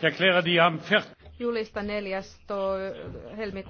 Julistan 4. helmikuuta